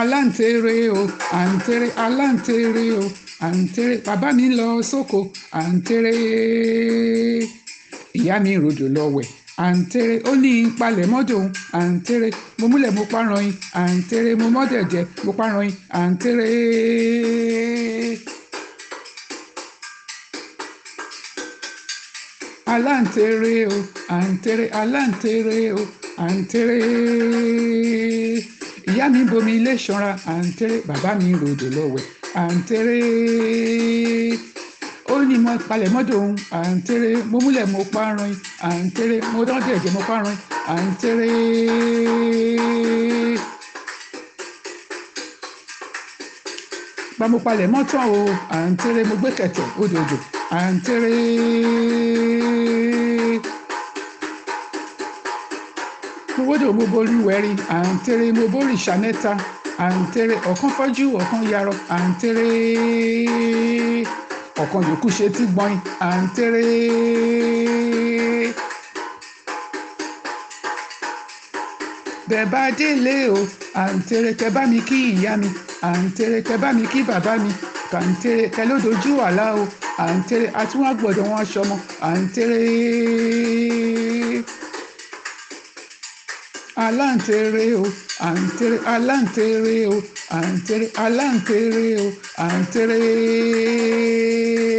aláǹtẹ̀rẹ̀ o àǹtẹ̀rẹ̀ aláǹtẹ̀rẹ̀ o àǹtẹ̀rẹ̀ bàbá mi lọ sóko àǹtẹ̀rẹ̀ ìyá mi rojò lọ wẹ̀ àǹtẹ̀rẹ̀ ó ní palẹ̀ mọ́dòun àǹtẹ̀rẹ̀ mo múlẹ̀ mo párọ̀ yín àǹtẹ̀rẹ̀ mo mọ́dẹ̀jẹ̀ mo párọ̀ yín àǹtẹ̀rẹ̀. aláǹtẹ̀rẹ̀ o àǹtẹ̀rẹ̀ aláǹtẹ̀rẹ̀ o àǹtẹ̀rẹ̀ ìyá mi bomi ilé ìṣanra à ń tẹ́rẹ́ bàbá mi ròdò lọ́wẹ̀ à ń tẹ́rẹ́ ó ní mo palẹ̀ mọ́tò òun à ń tẹ́rẹ́ mo múlẹ̀ mo parun à ń tẹ́rẹ́ mo dán dẹ̀jẹ̀ mo parun à ń tẹ́rẹ́. gbàmúpalẹ̀ mọ́tò o à ń tẹ́rẹ́ mo gbé kẹ̀kẹ́ òdòdó à ń tẹ́rẹ́. Nwodo Mobori Weri, Antere Mobori Shaneta, Antere Okanfaju Okanyaro, Antere Okanyoku Shetibon, Antere. Bẹ́ẹ̀ bá délé o, àǹtẹ̀rẹ̀ kẹ bá mi kí ìyá mi, àǹtẹ̀rẹ̀ kẹ bá mi kí bàbá mi, kàǹtẹ̀rẹ̀ kẹ ló dojú àlá o, àǹtẹ̀rẹ̀ àti wọn gbọ́dọ̀ wọn aṣọ mọ́, àǹtẹ̀rẹ̀ aláǹtẹ̀rẹ̀ o àǹtẹ̀rẹ̀ aláǹtẹ̀rẹ̀ o àǹtẹ̀rẹ̀ aláǹtẹ̀rẹ̀ o àǹtẹ̀rẹ̀.